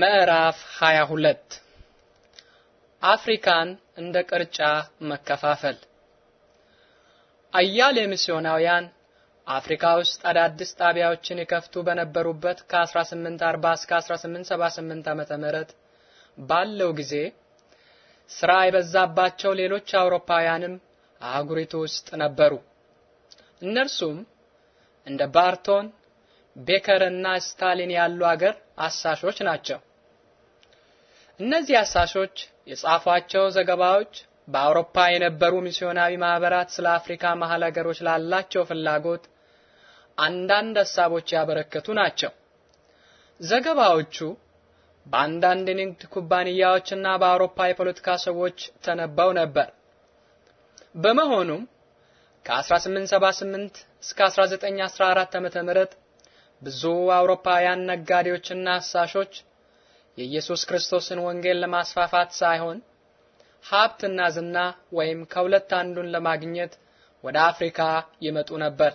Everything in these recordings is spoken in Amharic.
ምዕራፍ 22 አፍሪካን እንደ ቅርጫ መከፋፈል። አያሌ ሚስዮናውያን አፍሪካ ውስጥ አዳዲስ ጣቢያዎችን ይከፍቱ በነበሩበት ከ1840 እስከ 1878 ዓመተ ምህረት ባለው ጊዜ ስራ የበዛባቸው ሌሎች አውሮፓውያንም አህጉሪቱ ውስጥ ነበሩ። እነርሱም እንደ ባርቶን ቤከር እና ስታሊን ያሉ አገር አሳሾች ናቸው። እነዚህ አሳሾች የጻፏቸው ዘገባዎች በአውሮፓ የነበሩ ሚስዮናዊ ማህበራት ስለ አፍሪካ መሀል ሀገሮች ላላቸው ፍላጎት አንዳንድ ሀሳቦች ያበረከቱ ናቸው። ዘገባዎቹ በአንዳንድ ንግድ ኩባንያዎችና በአውሮፓ የፖለቲካ ሰዎች ተነበው ነበር። በመሆኑም ከ1878 እስከ 1914 ዓ.ም ብዙ አውሮፓውያን ነጋዴዎችና አሳሾች የኢየሱስ ክርስቶስን ወንጌል ለማስፋፋት ሳይሆን ሀብትና ዝና ወይም ከሁለት አንዱን ለማግኘት ወደ አፍሪካ ይመጡ ነበር።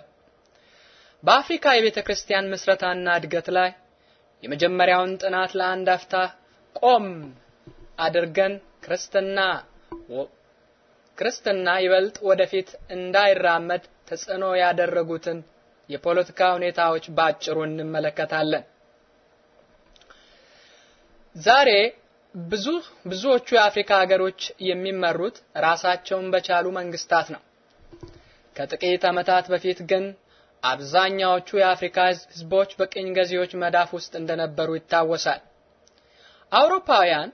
በአፍሪካ የቤተ ክርስቲያን ምስረታና እድገት ላይ የመጀመሪያውን ጥናት ለአንድ አፍታ ቆም አድርገን ክርስትና ክርስትና ይበልጥ ወደፊት እንዳይራመድ ተጽዕኖ ያደረጉትን የፖለቲካ ሁኔታዎች ባጭሩ እንመለከታለን። ዛሬ ብዙ ብዙዎቹ የአፍሪካ ሀገሮች የሚመሩት ራሳቸውን በቻሉ መንግስታት ነው። ከጥቂት ዓመታት በፊት ግን አብዛኛዎቹ የአፍሪካ ህዝቦች በቅኝ ገዢዎች መዳፍ ውስጥ እንደነበሩ ይታወሳል። አውሮፓውያን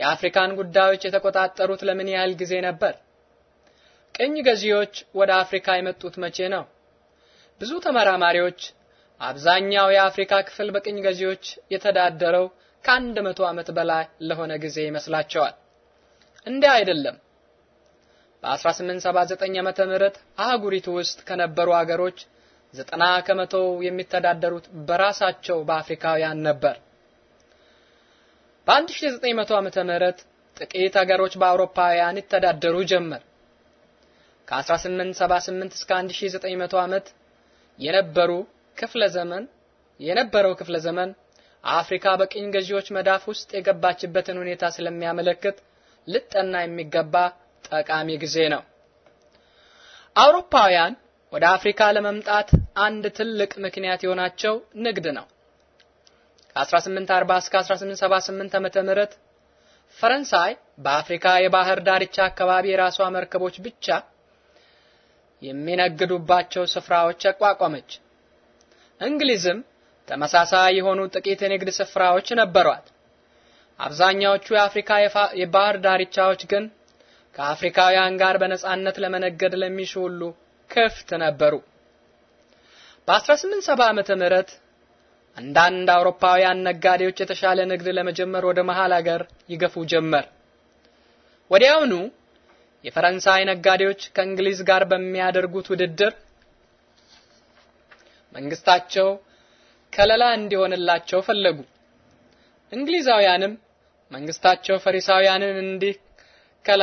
የአፍሪካን ጉዳዮች የተቆጣጠሩት ለምን ያህል ጊዜ ነበር? ቅኝ ገዢዎች ወደ አፍሪካ የመጡት መቼ ነው? ብዙ ተመራማሪዎች አብዛኛው የአፍሪካ ክፍል በቅኝ ገዢዎች የተዳደረው ከአንድ መቶ ዓመት በላይ ለሆነ ጊዜ ይመስላቸዋል። እንዲህ አይደለም። በ1879 ዓመተ ምህረት አህጉሪቱ ውስጥ ከነበሩ አገሮች ዘጠና ከመቶ የሚተዳደሩት በራሳቸው በአፍሪካውያን ነበር። በ1900 ዓመተ ምህረት ጥቂት አገሮች በአውሮፓውያን ይተዳደሩ ጀመር። ከ1878 እስከ 1900 ዓመት የነበሩ ክፍለ ዘመን የነበረው ክፍለ ዘመን አፍሪካ በቅኝ ገዢዎች መዳፍ ውስጥ የገባችበትን ሁኔታ ስለሚያመለክት ልጠና የሚገባ ጠቃሚ ጊዜ ነው። አውሮፓውያን ወደ አፍሪካ ለመምጣት አንድ ትልቅ ምክንያት የሆናቸው ንግድ ነው። ከ1840 እስከ 1878 ዓመተ ምህረት ፈረንሳይ በአፍሪካ የባህር ዳርቻ አካባቢ የራሷ መርከቦች ብቻ የሚነግዱባቸው ስፍራዎች አቋቋመች። እንግሊዝም ተመሳሳይ የሆኑ ጥቂት የንግድ ስፍራዎች ነበሯት። አብዛኛዎቹ የአፍሪካ የባህር ዳርቻዎች ግን ከአፍሪካውያን ጋር በነጻነት ለመነገድ ለሚሹ ሁሉ ክፍት ነበሩ። በ1870 ዓመተ ምህረት አንዳንድ አውሮፓውያን ነጋዴዎች የተሻለ ንግድ ለመጀመር ወደ መሃል አገር ይገፉ ጀመር። ወዲያውኑ የፈረንሳይ ነጋዴዎች ከእንግሊዝ ጋር በሚያደርጉት ውድድር መንግስታቸው ከለላ እንዲሆንላቸው ፈለጉ። እንግሊዛውያንም መንግስታቸው ፈሪሳውያንን እንዲከላ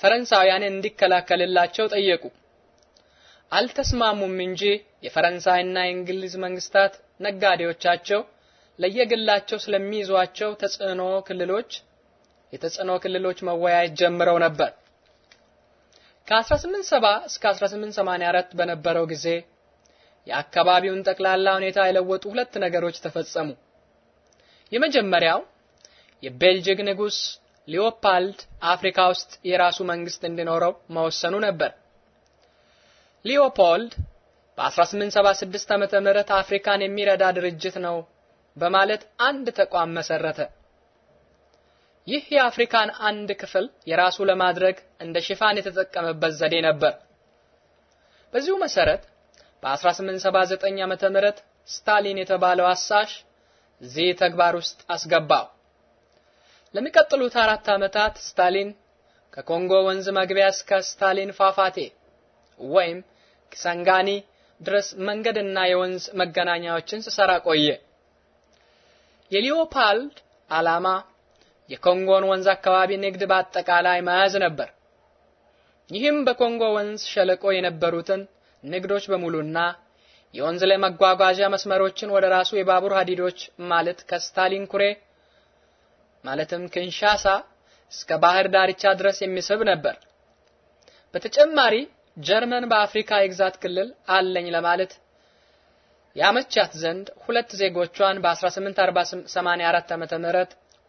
ፈረንሳውያንን እንዲከላከልላቸው ጠየቁ። አልተስማሙም እንጂ የፈረንሳይና የእንግሊዝ መንግስታት ነጋዴዎቻቸው ለየግላቸው ስለሚይዟቸው ተጽዕኖ ክልሎች የተጽዕኖ ክልሎች መወያየት ጀምረው ነበር። ከ1870 እስከ 1884 በነበረው ጊዜ የአካባቢውን ጠቅላላ ሁኔታ የለወጡ ሁለት ነገሮች ተፈጸሙ። የመጀመሪያው የቤልጅግ ንጉስ ሊዮፓልድ አፍሪካ ውስጥ የራሱ መንግስት እንዲኖረው መወሰኑ ነበር። ሊዮፖልድ በ1876 ዓመተ ምህረት አፍሪካን የሚረዳ ድርጅት ነው በማለት አንድ ተቋም መሰረተ። ይህ የአፍሪካን አንድ ክፍል የራሱ ለማድረግ እንደ ሽፋን የተጠቀመበት ዘዴ ነበር። በዚሁ መሰረት በ1879 ዓመተ ምህረት ስታሊን የተባለው አሳሽ እዚህ ተግባር ውስጥ አስገባው። ለሚቀጥሉት አራት ዓመታት ስታሊን ከኮንጎ ወንዝ መግቢያ እስከ ስታሊን ፏፏቴ ወይም ኪሳንጋኒ ድረስ መንገድና የወንዝ መገናኛዎችን ሲሰራ ቆየ። የሊዮፓልድ ዓላማ የኮንጎን ወንዝ አካባቢ ንግድ በአጠቃላይ መያዝ ነበር። ይህም በኮንጎ ወንዝ ሸለቆ የነበሩትን ንግዶች በሙሉና የወንዝ ላይ መጓጓዣ መስመሮችን ወደ ራሱ የባቡር ሀዲዶች ማለት ከስታሊን ኩሬ ማለትም ክንሻሳ እስከ ባህር ዳርቻ ድረስ የሚስብ ነበር። በተጨማሪ ጀርመን በአፍሪካ የግዛት ክልል አለኝ ለማለት ያመቻት ዘንድ ሁለት ዜጎቿን በ1884 ዓ.ም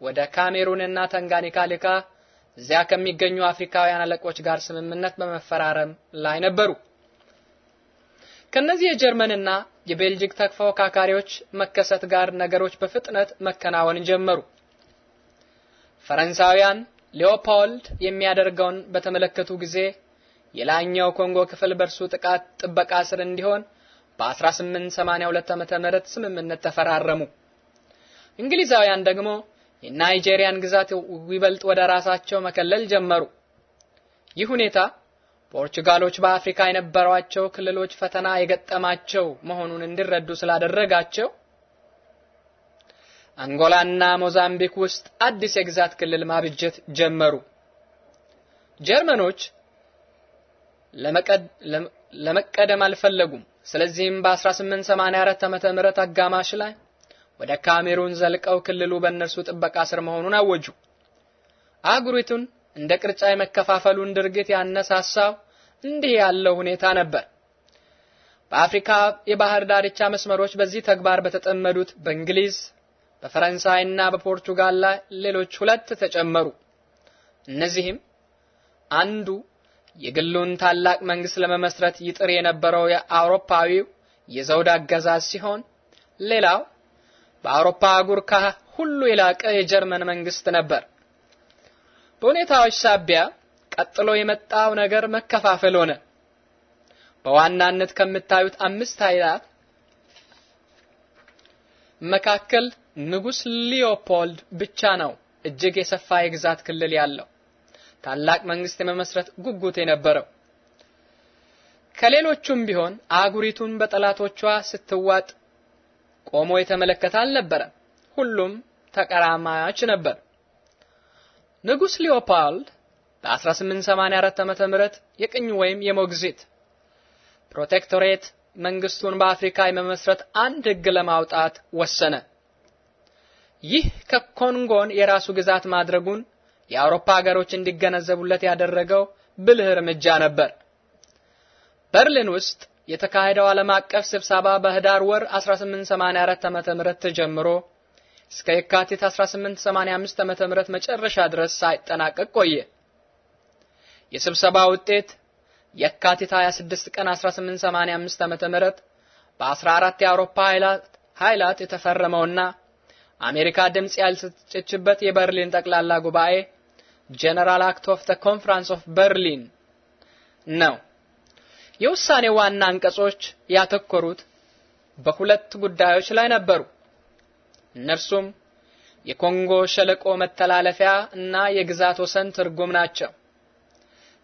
ወደ ካሜሩንና ተንጋኒካ ልካ እዚያ ከሚገኙ አፍሪካውያን አለቆች ጋር ስምምነት በመፈራረም ላይ ነበሩ። ከነዚህ የጀርመንና የቤልጂክ ተፎካካሪዎች መከሰት ጋር ነገሮች በፍጥነት መከናወን ጀመሩ። ፈረንሳውያን ሊዮፖልድ የሚያደርገውን በተመለከቱ ጊዜ የላይኛው ኮንጎ ክፍል በእርሱ ጥቃት ጥበቃ ስር እንዲሆን በ1882 ዓ.ም ስምምነት ተፈራረሙ። እንግሊዛውያን ደግሞ የናይጄሪያን ግዛት ይበልጥ ወደ ራሳቸው መከለል ጀመሩ። ይህ ሁኔታ ፖርቹጋሎች በአፍሪካ የነበሯቸው ክልሎች ፈተና የገጠማቸው መሆኑን እንዲረዱ ስላደረጋቸው አንጎላና ሞዛምቢክ ውስጥ አዲስ የግዛት ክልል ማብጀት ጀመሩ። ጀርመኖች ለመቀደም አልፈለጉም። ስለዚህም በ1884 ዓ.ም አጋማሽ ላይ ወደ ካሜሩን ዘልቀው ክልሉ በእነርሱ ጥበቃ ስር መሆኑን አወጁ። አህጉሪቱን እንደ ቅርጫ የመከፋፈሉን ድርጊት ያነሳሳው እንዲህ ያለው ሁኔታ ነበር። በአፍሪካ የባህር ዳርቻ መስመሮች በዚህ ተግባር በተጠመዱት በእንግሊዝ፣ በፈረንሳይና በፖርቱጋል ላይ ሌሎች ሁለት ተጨመሩ። እነዚህም አንዱ የግሉን ታላቅ መንግስት ለመመስረት ይጥር የነበረው የአውሮፓዊው የዘውድ አገዛዝ ሲሆን ሌላው በአውሮፓ አህጉር ሁሉ የላቀ የጀርመን መንግስት ነበር። በሁኔታዎች ሳቢያ ቀጥሎ የመጣው ነገር መከፋፈል ሆነ። በዋናነት ከምታዩት አምስት ኃይላት መካከል ንጉስ ሊዮፖልድ ብቻ ነው እጅግ የሰፋ የግዛት ክልል ያለው ታላቅ መንግስት የመመስረት ጉጉት የነበረው። ከሌሎቹም ቢሆን አህጉሪቱን በጠላቶቿ ስትዋጥ ቆሞ የተመለከተ አልነበረም። ሁሉም ተቀራማች ነበር። ንጉስ ሊዮፓልድ በ1884 ዓመተ ምህረት የቅኝ ወይም የሞግዚት ፕሮቴክቶሬት መንግስቱን በአፍሪካ የመመስረት አንድ ህግ ለማውጣት ወሰነ። ይህ ከኮንጎን የራሱ ግዛት ማድረጉን የአውሮፓ ሀገሮች እንዲገነዘቡለት ያደረገው ብልህ እርምጃ ነበር። በርሊን ውስጥ የተካሄደው ዓለም አቀፍ ስብሰባ በህዳር ወር 1884 ዓ.ም ተጀምሮ እስከ የካቲት 1885 ዓ.ም መጨረሻ ድረስ ሳይጠናቀቅ ቆየ። የስብሰባ ውጤት የካቲት 26 ቀን 1885 ዓ.ም በ14 የአውሮፓ ኃይላት የተፈረመውና አሜሪካ ድምጽ ያልሰጠችበት የበርሊን ጠቅላላ ጉባኤ ጄነራል አክት ኦፍ ዘ ኮንፈረንስ ኦፍ በርሊን ነው። የውሳኔ ዋና አንቀጾች ያተኮሩት በሁለት ጉዳዮች ላይ ነበሩ። እነርሱም የኮንጎ ሸለቆ መተላለፊያ እና የግዛት ወሰን ትርጉም ናቸው።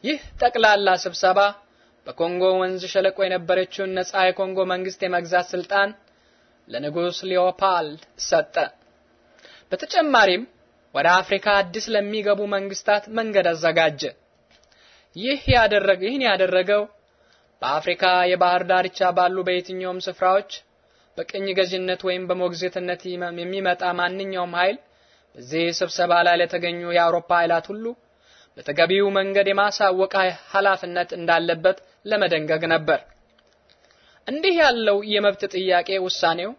ይህ ጠቅላላ ስብሰባ በኮንጎ ወንዝ ሸለቆ የነበረችውን ነጻ የኮንጎ መንግስት የመግዛት ስልጣን ለንጉስ ሊዮፓልድ ሰጠ። በተጨማሪም ወደ አፍሪካ አዲስ ለሚገቡ መንግስታት መንገድ አዘጋጀ። ይህ ያደረገ ይህን ያደረገው በአፍሪካ የባህር ዳርቻ ባሉ በየትኛውም ስፍራዎች በቅኝ ገዥነት ወይም በሞግዚትነት የሚመጣ ማንኛውም ኃይል በዚህ ስብሰባ ላይ ለተገኙ የአውሮፓ ኃይላት ሁሉ በተገቢው መንገድ የማሳወቅ ኃላፊነት እንዳለበት ለመደንገግ ነበር። እንዲህ ያለው የመብት ጥያቄ ውሳኔው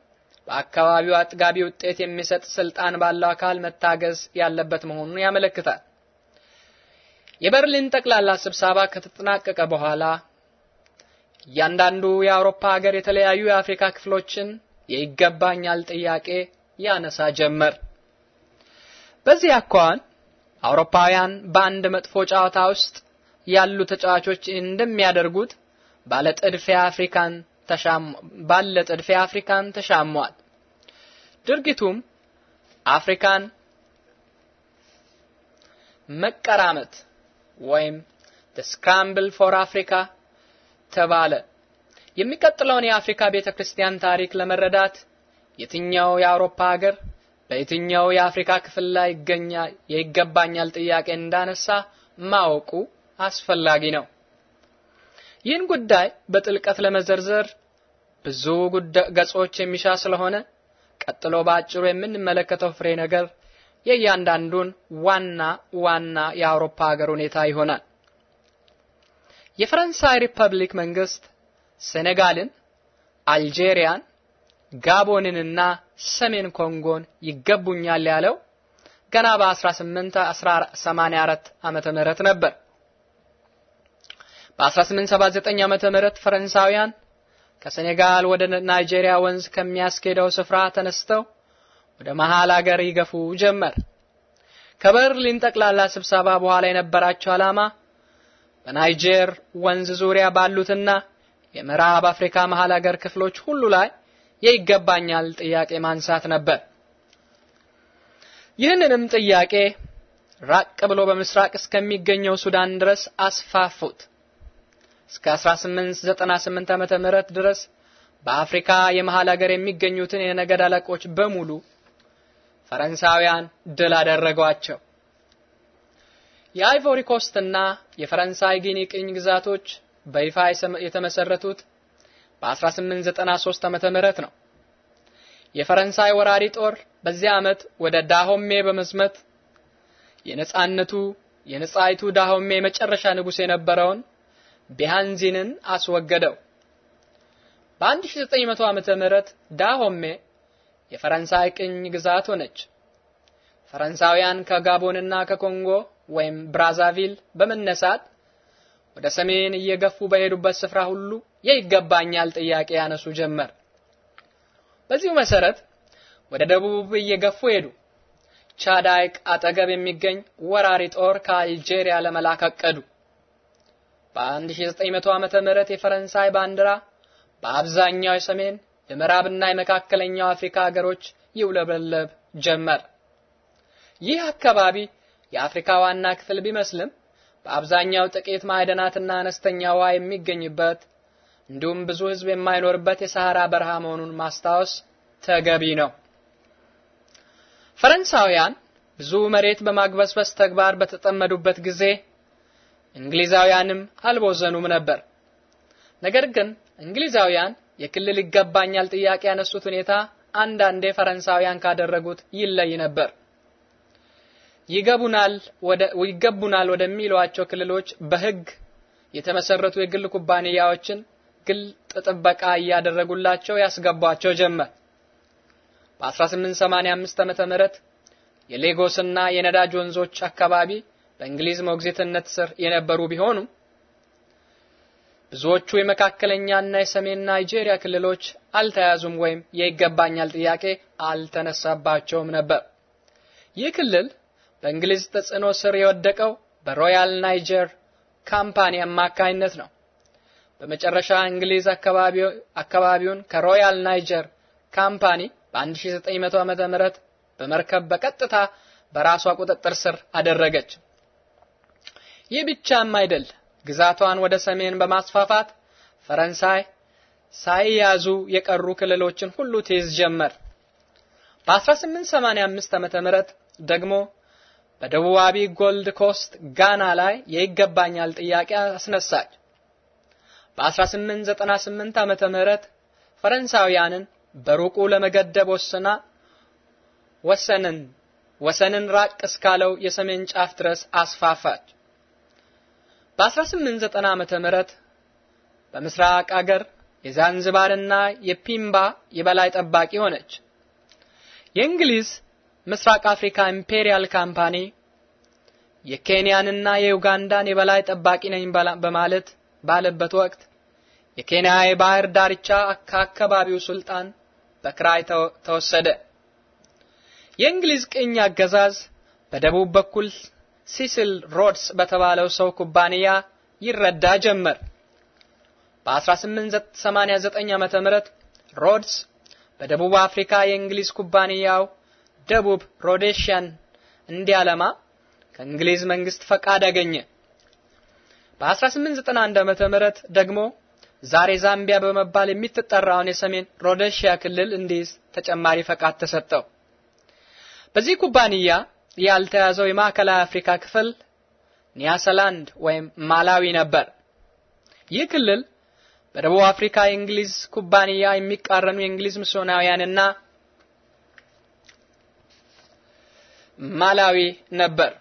በአካባቢው አጥጋቢ ውጤት የሚሰጥ ስልጣን ባለው አካል መታገዝ ያለበት መሆኑን ያመለክታል። የበርሊን ጠቅላላ ስብሰባ ከተጠናቀቀ በኋላ እያንዳንዱ የአውሮፓ ሀገር የተለያዩ የአፍሪካ ክፍሎችን የይገባኛል ጥያቄ ያነሳ ጀመር። በዚህ አኳን አውሮፓውያን በአንድ መጥፎ ጨዋታ ውስጥ ያሉ ተጫዋቾች እንደሚያደርጉት ባለ ጥድፊያ አፍሪካን ተሻም ባለ ጥድፊያ አፍሪካን ተሻሟል። ድርጊቱም አፍሪካን መቀራመት ወይም ስክራምብል ፎር አፍሪካ። ተባለ። የሚቀጥለውን የአፍሪካ ቤተክርስቲያን ታሪክ ለመረዳት የትኛው የአውሮፓ ሀገር በየትኛው የአፍሪካ ክፍል ላይ ይገኛ የይገባኛል ጥያቄ እንዳነሳ ማወቁ አስፈላጊ ነው። ይህን ጉዳይ በጥልቀት ለመዘርዘር ብዙ ገጾች የሚሻ ስለሆነ ቀጥሎ በአጭሩ የምንመለከተው ፍሬ ነገር የእያንዳንዱን ዋና ዋና የአውሮፓ ሀገር ሁኔታ ይሆናል። የፈረንሳይ ሪፐብሊክ መንግስት ሴኔጋልን፣ አልጄሪያን፣ ጋቦንንና ሰሜን ኮንጎን ይገቡኛል ያለው ገና በ1884 ዓመተ ምህረት ነበር። በ1879 ዓመተ ምህረት ፈረንሳውያን ከሴኔጋል ወደ ናይጄሪያ ወንዝ ከሚያስኬደው ስፍራ ተነስተው ወደ መሃል አገር ይገፉ ጀመር። ከበርሊን ጠቅላላ ስብሰባ በኋላ የነበራቸው ዓላማ በናይጄር ወንዝ ዙሪያ ባሉትና የምዕራብ አፍሪካ መሃል አገር ክፍሎች ሁሉ ላይ የይገባኛል ጥያቄ ማንሳት ነበር። ይህንንም ጥያቄ ራቅ ብሎ በምስራቅ እስከሚገኘው ሱዳን ድረስ አስፋፉት። እስከ 1898 ዓመተ ምህረት ድረስ በአፍሪካ የመሃል ሀገር የሚገኙትን የነገድ አለቆች በሙሉ ፈረንሳውያን ድል አደረጓቸው። የአይቮሪ ኮስትና የፈረንሳይ ጊኒ ቅኝ ግዛቶች በይፋ የተመሰረቱት በ1893 ዓመተ ምህረት ነው። የፈረንሳይ ወራሪ ጦር በዚያ ዓመት ወደ ዳሆሜ በመዝመት የነጻነቱ የነጻይቱ ዳሆሜ የመጨረሻ ንጉሥ የነበረውን ቢሃንዚንን አስወገደው። በ1900 ዓመተ ምህረት ዳሆሜ የፈረንሳይ ቅኝ ግዛት ሆነች። ፈረንሳውያን ከጋቦንና ከኮንጎ ወይም ብራዛቪል በመነሳት ወደ ሰሜን እየገፉ በሄዱበት ስፍራ ሁሉ የይገባኛል ጥያቄ ያነሱ ጀመር። በዚሁ መሰረት ወደ ደቡብ እየገፉ ሄዱ። ቻድ ሐይቅ አጠገብ የሚገኝ ወራሪ ጦር ከአልጄሪያ ለመላክ አቀዱ። በ1900 ዓመተ ምህረት የፈረንሳይ ባንዲራ በአብዛኛው የሰሜን የምዕራብና የመካከለኛው አፍሪካ ሀገሮች ይውለበለብ ጀመር። ይህ አካባቢ የአፍሪካ ዋና ክፍል ቢመስልም በአብዛኛው ጥቂት ማዕድናትና አነስተኛ ውሃ የሚገኝበት እንዲሁም ብዙ ሕዝብ የማይኖርበት የሰሐራ በረሃ መሆኑን ማስታወስ ተገቢ ነው። ፈረንሳውያን ብዙ መሬት በማግበስበስ ተግባር በተጠመዱበት ጊዜ እንግሊዛውያንም አልቦዘኑም ነበር። ነገር ግን እንግሊዛውያን የክልል ይገባኛል ጥያቄ ያነሱት ሁኔታ አንዳንዴ ፈረንሳውያን ካደረጉት ይለይ ነበር። ይገቡናል ወደ ይገቡናል ወደሚሏቸው ክልሎች በህግ የተመሰረቱ የግል ኩባንያዎችን ግል ጥበቃ እያደረጉላቸው ያስገቧቸው ጀመር። በ1885 ዓመተ ምህረት የሌጎስና የነዳጅ ወንዞች አካባቢ በእንግሊዝ ሞግዚትነት ስር የነበሩ ቢሆኑም ብዙዎቹ የመካከለኛና የሰሜን ናይጄሪያ ክልሎች አልተያዙም ወይም የይገባኛል ጥያቄ አልተነሳባቸውም ነበር። ይህ ክልል በእንግሊዝ ተጽዕኖ ስር የወደቀው በሮያል ናይጀር ካምፓኒ አማካኝነት ነው። በመጨረሻ እንግሊዝ አካባቢውን ከሮያል ናይጀር ካምፓኒ በ1900 ዓመተ ምህረት በመርከብ በቀጥታ በራሷ ቁጥጥር ስር አደረገች። ይህ ብቻም አይደል። ግዛቷን ወደ ሰሜን በማስፋፋት ፈረንሳይ ሳይያዙ የቀሩ ክልሎችን ሁሉ ትይዝ ጀመር። በ1885 ዓመተ ምህረት ደግሞ በደቡባዊ ጎልድ ኮስት ጋና ላይ የይገባኛል ጥያቄ አስነሳች። በ1898 ዓመተ ምህረት ፈረንሳውያንን በሩቁ ለመገደብ ወስና ወሰንን ወሰንን ራቅ እስካለው የሰሜን ጫፍ ድረስ አስፋፋች። በ1890 ዓመተ ምህረት በምስራቅ አገር የዛንዝባርና የፒምባ የበላይ ጠባቂ ሆነች። የእንግሊዝ ምስራቅ አፍሪካ ኢምፔሪያል ካምፓኒ የኬንያንና የዩጋንዳን የበላይ ጠባቂ ነኝ በማለት ባለበት ወቅት የኬንያ የባህር ዳርቻ ከአካባቢው ሱልጣን በክራይ ተወሰደ። የእንግሊዝ ቅኝ አገዛዝ በደቡብ በኩል ሲሲል ሮድስ በተባለው ሰው ኩባንያ ይረዳ ጀመር። በ1889 ዓ.ም ሮድስ በደቡብ አፍሪካ የእንግሊዝ ኩባንያው ደቡብ ሮዴሽያን እንዲያለማ ከእንግሊዝ መንግስት ፈቃድ አገኘ። በ1891 ዓመተ ምህረት ደግሞ ዛሬ ዛምቢያ በመባል የምትጠራውን የሰሜን ሮዴሽያ ክልል እንዲይዝ ተጨማሪ ፈቃድ ተሰጠው። በዚህ ኩባንያ ያልተያዘው የማዕከላዊ አፍሪካ ክፍል ኒያሰላንድ ወይም ማላዊ ነበር። ይህ ክልል በደቡብ አፍሪካ የእንግሊዝ ኩባንያ የሚቃረኑ የእንግሊዝ ሚስዮናውያንና ማላዊ ነበር።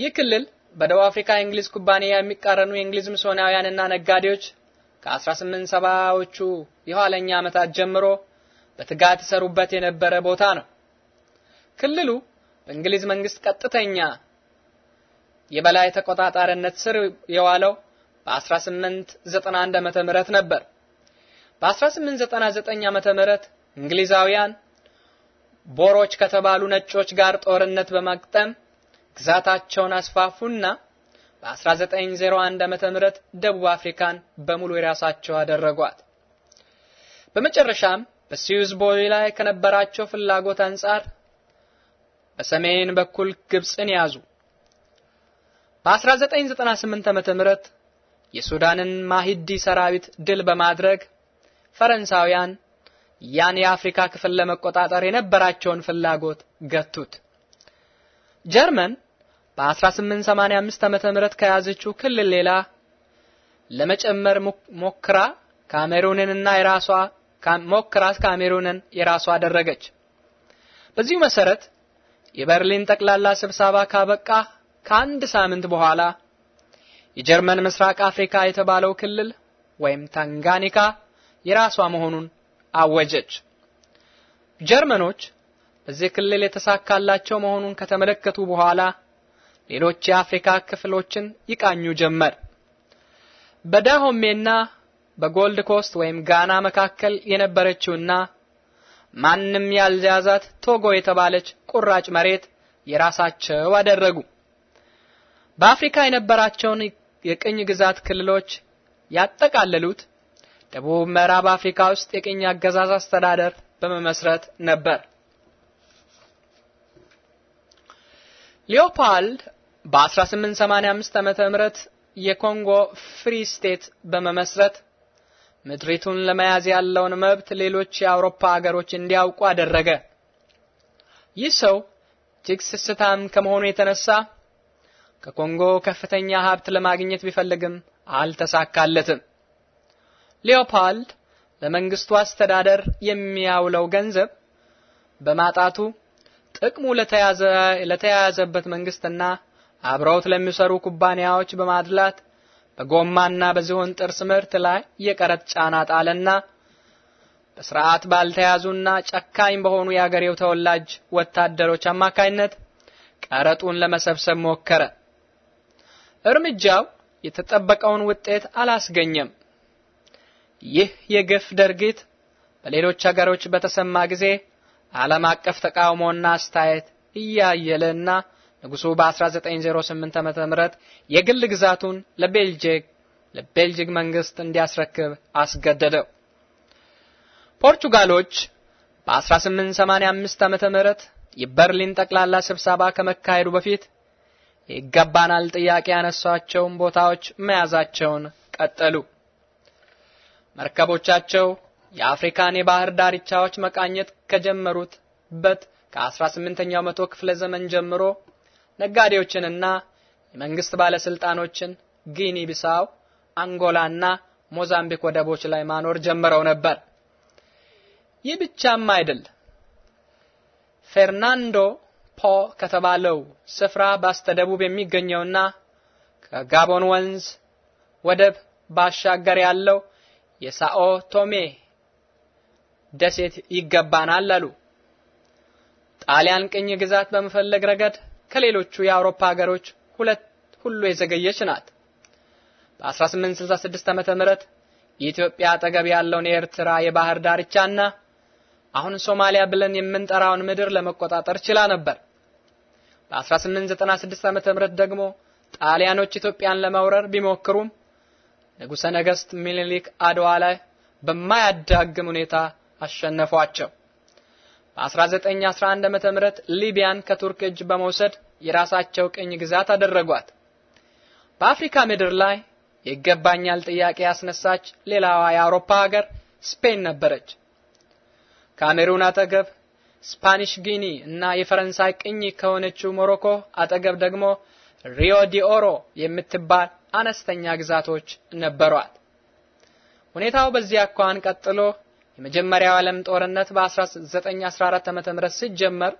ይህ ክልል በደቡብ አፍሪካ የእንግሊዝ ኩባንያ የሚቃረኑ የእንግሊዝ ሚስዮናውያንና ነጋዴዎች ከ1870ዎቹ የኋለኛ ዓመታት ጀምሮ በትጋት ይሰሩበት የነበረ ቦታ ነው። ክልሉ በእንግሊዝ መንግስት ቀጥተኛ የበላይ ተቆጣጣሪነት ስር የዋለው በ1891 ዓመተ ምህረት ነበር። በ1899 ዓመተ ምህረት እንግሊዛውያን ቦሮች ከተባሉ ነጮች ጋር ጦርነት በማቅጠም ግዛታቸውን አስፋፉና በ1901 ዓመተ ምህረት ደቡብ አፍሪካን በሙሉ የራሳቸው አደረጓት። በመጨረሻም በሲዩዝ ቦይ ላይ ከነበራቸው ፍላጎት አንጻር በሰሜን በኩል ግብጽን ያዙ። በ1998 ዓመተ ምህረት የሱዳንን ማሂዲ ሰራዊት ድል በማድረግ ፈረንሳውያን ያን የአፍሪካ ክፍል ለመቆጣጠር የነበራቸውን ፍላጎት ገቱት። ጀርመን በ1885 ዓመተ ምህረት ከያዘችው ክልል ሌላ ለመጨመር ሞክራ ካሜሩንንና የራሷ ሞክራ ካሜሩንን የራሷ አደረገች። በዚሁ መሰረት የበርሊን ጠቅላላ ስብሰባ ካበቃ ከአንድ ሳምንት በኋላ የጀርመን ምስራቅ አፍሪካ የተባለው ክልል ወይም ታንጋኒካ የራሷ መሆኑን አወጀች። ጀርመኖች በዚህ ክልል የተሳካላቸው መሆኑን ከተመለከቱ በኋላ ሌሎች የአፍሪካ ክፍሎችን ይቃኙ ጀመር። በዳሆሜና በጎልድ ኮስት ወይም ጋና መካከል የነበረችውና ማንም ያልያዛት ቶጎ የተባለች ቁራጭ መሬት የራሳቸው አደረጉ። በአፍሪካ የነበራቸውን የቅኝ ግዛት ክልሎች ያጠቃለሉት ደቡብ ምዕራብ አፍሪካ ውስጥ የቅኝ አገዛዝ አስተዳደር በመመስረት ነበር። ሊዮፓልድ በ1885 ዓመተ ምህረት የኮንጎ ፍሪ ስቴት በመመስረት ምድሪቱን ለመያዝ ያለውን መብት ሌሎች የአውሮፓ ሀገሮች እንዲያውቁ አደረገ። ይህ ሰው እጅግ ስስታም ከመሆኑ የተነሳ ከኮንጎ ከፍተኛ ሀብት ለማግኘት ቢፈልግም አልተሳካለትም። ሊዮፓልድ ለመንግስቱ አስተዳደር የሚያውለው ገንዘብ በማጣቱ ጥቅሙ ለተያያዘበት መንግስትና አብረውት ለሚሰሩ ኩባንያዎች በማድላት በጎማና በዝሆን ጥርስ ምርት ላይ የቀረጥ ጫና ጣለና በስርዓት ባልተያዙና ጨካኝ በሆኑ የአገሬው ተወላጅ ወታደሮች አማካይነት ቀረጡን ለመሰብሰብ ሞከረ። እርምጃው የተጠበቀውን ውጤት አላስገኘም። ይህ የግፍ ድርጊት በሌሎች ሀገሮች በተሰማ ጊዜ ዓለም አቀፍ ተቃውሞና አስተያየት እያየለና ንጉሱ በ1908 ዓም ምረት የግል ግዛቱን ለቤልጅግ ለቤልጅግ መንግስት እንዲያስረክብ አስገደደው። ፖርቹጋሎች በ1885 ዓመተ ምህረት የበርሊን ጠቅላላ ስብሰባ ከመካሄዱ በፊት ይገባናል ጥያቄ ያነሷቸውን ቦታዎች መያዛቸውን ቀጠሉ። መርከቦቻቸው የአፍሪካን የባህር ዳርቻዎች መቃኘት ከጀመሩበት ከ18ኛው መቶ ክፍለ ዘመን ጀምሮ ነጋዴዎችንና የመንግስት ባለስልጣኖችን ጊኒ ቢሳው፣ አንጎላና ሞዛምቢክ ወደቦች ላይ ማኖር ጀምረው ነበር። ይህ ብቻም አይደል። ፌርናንዶ ፖ ከተባለው ስፍራ በስተደቡብ የሚገኘውና ከጋቦን ወንዝ ወደብ ባሻገር ያለው የሳኦ ቶሜ ደሴት ይገባናል አሉ። ጣሊያን ቅኝ ግዛት በመፈለግ ረገድ ከሌሎቹ የአውሮፓ ሀገሮች ሁለት ሁሉ የዘገየች ናት። በ1866 ዓመተ ምህረት የኢትዮጵያ አጠገብ ያለውን የኤርትራ የባህር ዳርቻና አሁን ሶማሊያ ብለን የምንጠራውን ምድር ለመቆጣጠር ችላ ነበር። በ1896 ዓመተ ምህረት ደግሞ ጣሊያኖች ኢትዮጵያን ለመውረር ቢሞክሩም ንጉሠ ነገሥት ሚኒሊክ አድዋ ላይ በማያዳግም ሁኔታ አሸነፏቸው። በ1911 ም ሊቢያን ከቱርክ እጅ በመውሰድ የራሳቸው ቅኝ ግዛት አደረጓት። በአፍሪካ ምድር ላይ ይገባኛል ጥያቄ ያስነሳች ሌላዋ የአውሮፓ ሀገር ስፔን ነበረች። ካሜሩን አጠገብ ስፓኒሽ ጊኒ እና የፈረንሳይ ቅኝ ከሆነችው ሞሮኮ አጠገብ ደግሞ ሪዮ ዲ ኦሮ የምትባል አነስተኛ ግዛቶች ነበሯት። ሁኔታው በዚህ አኳኋን ቀጥሎ የመጀመሪያው ዓለም ጦርነት በ1914 ዓ.ም ሲጀመር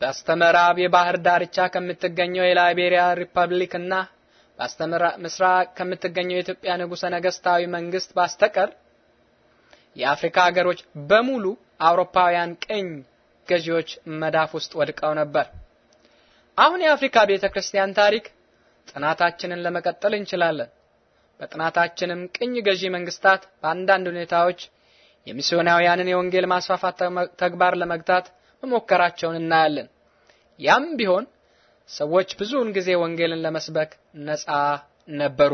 በስተምዕራብ የባህር ዳርቻ ከምትገኘው የላይቤሪያ ሪፐብሊክ እና ምስራ ከምትገኘው የኢትዮጵያ ንጉሠ ነገሥታዊ መንግስት ባስተቀር የአፍሪካ ሀገሮች በሙሉ አውሮፓውያን ቅኝ ገዢዎች መዳፍ ውስጥ ወድቀው ነበር። አሁን የአፍሪካ ቤተክርስቲያን ታሪክ ጥናታችንን ለመቀጠል እንችላለን። በጥናታችንም ቅኝ ገዢ መንግስታት በአንዳንድ ሁኔታዎች የሚስዮናውያንን የወንጌል ማስፋፋት ተግባር ለመግታት መሞከራቸውን እናያለን። ያም ቢሆን ሰዎች ብዙውን ጊዜ ወንጌልን ለመስበክ ነፃ ነበሩ።